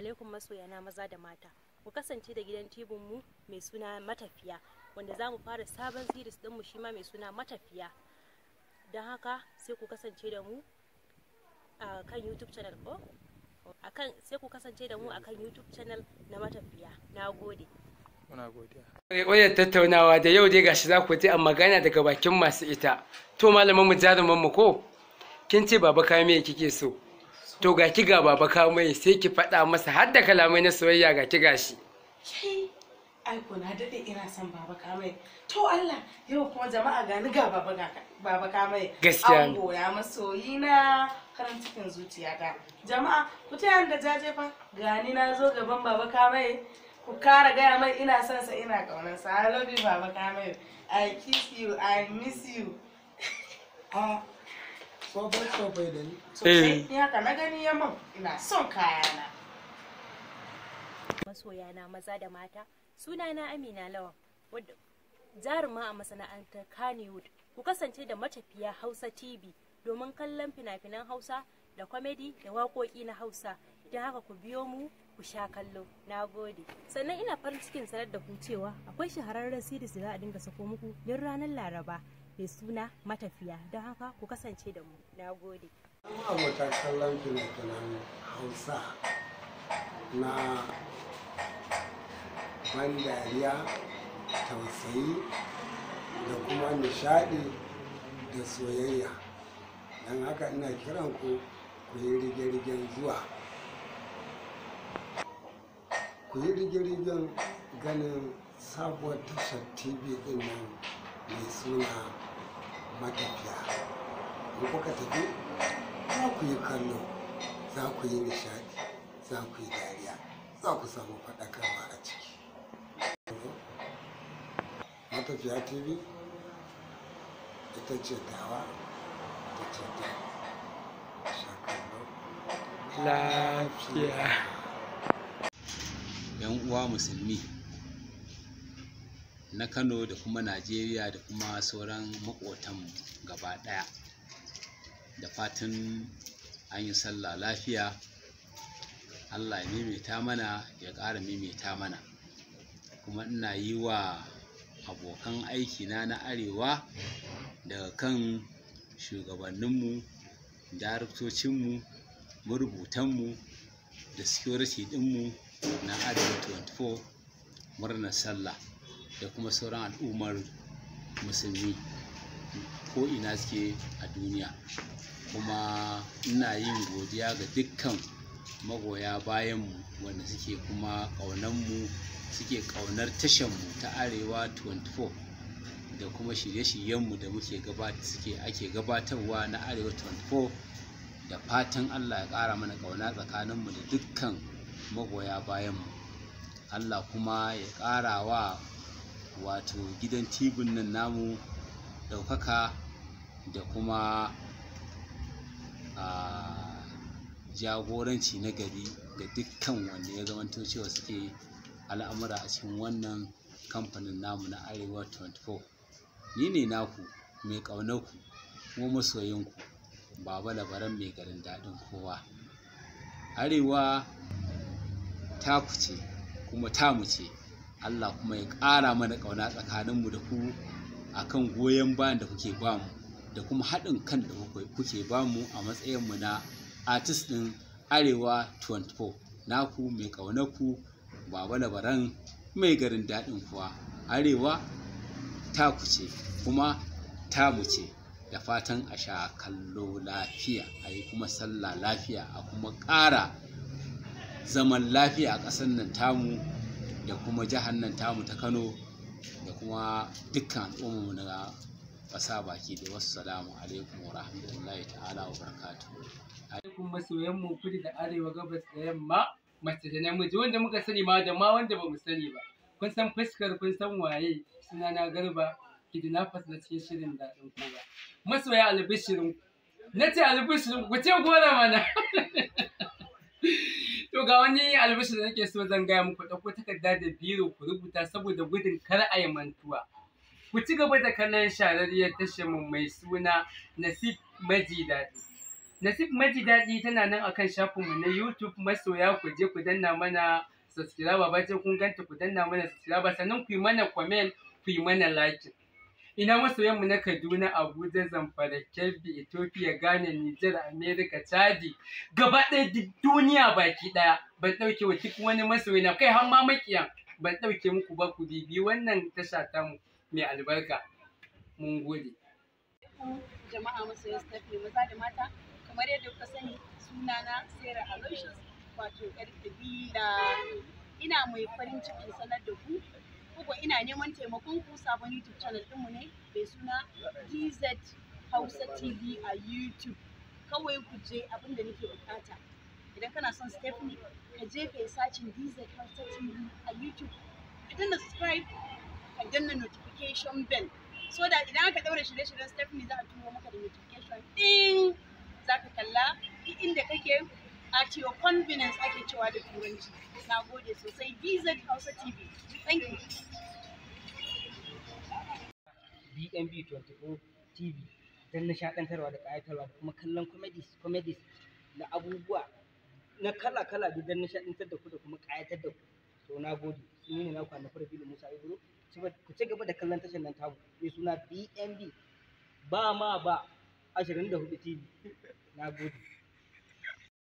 alaikum masoya na maza da mata ku kasance da gidan tibin mu mai suna matafiya wanda za mu fara sabon series din mu shi ma mai suna matafiya don haka sai ku kasance da mu a kan youtube channel ko sai ku kasance da mu akan youtube channel na matafiya na gode muna godiya tattaunawa da yau dai gashi za ku ji a magana daga bakin masu ita to malamin mu jarumin mu ko kin ce baba kame kike so to ga ki ga baba kawo mai sai ki faɗa masa har da kalamai na soyayya ga ki gashi ai ko na dade ina son baba kamai to Allah yau kuma jama'a ga ni ga baba ga baba kamai gaskiya an goya masoyi na karan cikin zuciyata jama'a ku ta da jaje fa ga ni na zo gaban baba kamai ku kara gaya mai ina son sa ina kaunar sa I love you baba kamai I kiss you I miss you ah Eh. masoya na maza da mata suna na amina lawa wadda jaruma a masana'antar kannywood ku kasance da matafiya hausa tv domin kallon fina-finan hausa da kwamedi da waƙoƙi na hausa idan haka ku biyo mu ku sha kallo na gode sannan ina farin cikin sanar da ku cewa akwai shahararren siris da za a dinga sako muku duk ranar laraba mai suna matafiya don haka ku kasance da mu na gode fina-finan hausa na ban dariya tausayi da kuma nishadi da soyayya don haka ina kiran ku ku yi rige zuwa ku yi rigirgin ganin sabuwar tashar tv din nan mai suna matafiya in kuka tafi za ku yi kallo za ku yi nishadi za ku yi dariya za ku samu faɗakarwa a ciki matafiya tv ita ce dawa, ita ce ta lafiya yan uwa musulmi na kano da kuma najeriya da kuma sauran makotan gaba ɗaya da fatan an yi sallah lafiya allah ya maimaita mana ya ƙara maimaita mana kuma ina yi wa abokan aikina na arewa daga kan shugabanninmu daraktocinmu marubutanmu da security ɗinmu na arewa 24 murnar sallah da kuma sauran al'ummar musulmi ko ina suke a duniya kuma ina yin godiya ga dukkan magoya bayanmu wanda suke kuma mu suke ƙaunar mu ta arewa 24 da kuma shirye-shiryenmu da muke suke ake gabatarwa na arewa 24 da fatan allah ya ƙara mana ƙauna tsakaninmu da dukkan magoya bayanmu allah kuma ya ƙara wa wato gidan tibin nan namu ɗaukaka da kuma a jagoranci na gari ga dukkan wanda ya zamanto cewa suke al'amura a cikin wannan kamfanin namu na arewa 24 ni ne naku mai ƙaunarku kuma masoyinku baba labaran mai garin daɗin kowa arewa taku ce kuma tamu ce Allah kuma ya ƙara mana ƙauna tsakaninmu da ku a kan goyon bayan da kuke ba mu da kuma haɗin kan da kuke ba mu a matsayinmu na artist ɗin arewa 24 naku mai ƙaunaku baba labaran mai garin daɗin kuwa arewa ta ce kuma ta ce da fatan a sha kallo lafiya a yi kuma sallah lafiya a kuma ƙara zaman lafiya a ƙasar nan tamu da kuma jihar nan tamu ta kano da kuma dukkan al'ummarmu na ƙasa baki da wasu salamu alaikum wa rahmatullahi ta'ala wa barakatu. alaikum masoyan mu kudu da arewa gabas da yamma mace da namiji wanda muka sani ma da ma wanda ba mu sani ba kun san fuskar kun san waye suna na garba kidnappers na cikin shirin daɗin kowa masoya albishirin na ce albishirin ku ce gora mana To ga wani albishir da nake so zan gaya muku ɗauko takarda da biro ku rubuta saboda gudun kar a yi mantuwa. Ku ci gaba da kallon shahararriyar tashar mu mai suna Nasib Maji Daɗi. Nasib Maji Daɗi tana nan akan shafin mu na YouTube masoya ku je ku danna mana subscribe je kun ganta ku danna mana subscribe sannan ku yi mana comment ku yi mana like. ina masoyan mu na Kaduna Abuja Zamfara Kebbi Ethiopia Ghana Niger America Chadi gaba ɗaya duk duniya baki ɗaya ban ɗauke wa duk wani masoyi na kai har ma makiyan ban ɗauke muku ba ku bibi wannan tasha ta mu mai albarka mun gode jama'a masoyan stafi maza da mata kamar yadda kuka sani sunana Sarah Aloysius wato yar kabila ina mai farin cikin sanar da ku Ugo ina neman taimakon ku sabon YouTube channel ɗinmu ne mai suna DZ Hausa TV a YouTube. Kawai ku je abinda nake bukata. Idan kana son Stephanie, ka je ka yi sacin DZ Hausa TV a YouTube. Ka danna subscribe, ka danna notification bell. So da idan aka ɗaura shirye-shiryen Stephanie za a turo maka da notification ɗin za ka kalla inda kake at your convenience ake cewa da turanci na gode sosai bz hausa tv thank you bnb 24 tv don nishaɗantarwa da ƙayatarwa da kuma kallon comedies comedies na abubuwa na kala kala da don nishaɗantar da ku da kuma ƙayatar da ku to na gode ni ne na kwana farfi musa ibro ku ci gaba da kallon tashar nan tamu mai suna bnb ba ma ba 24 tv na gode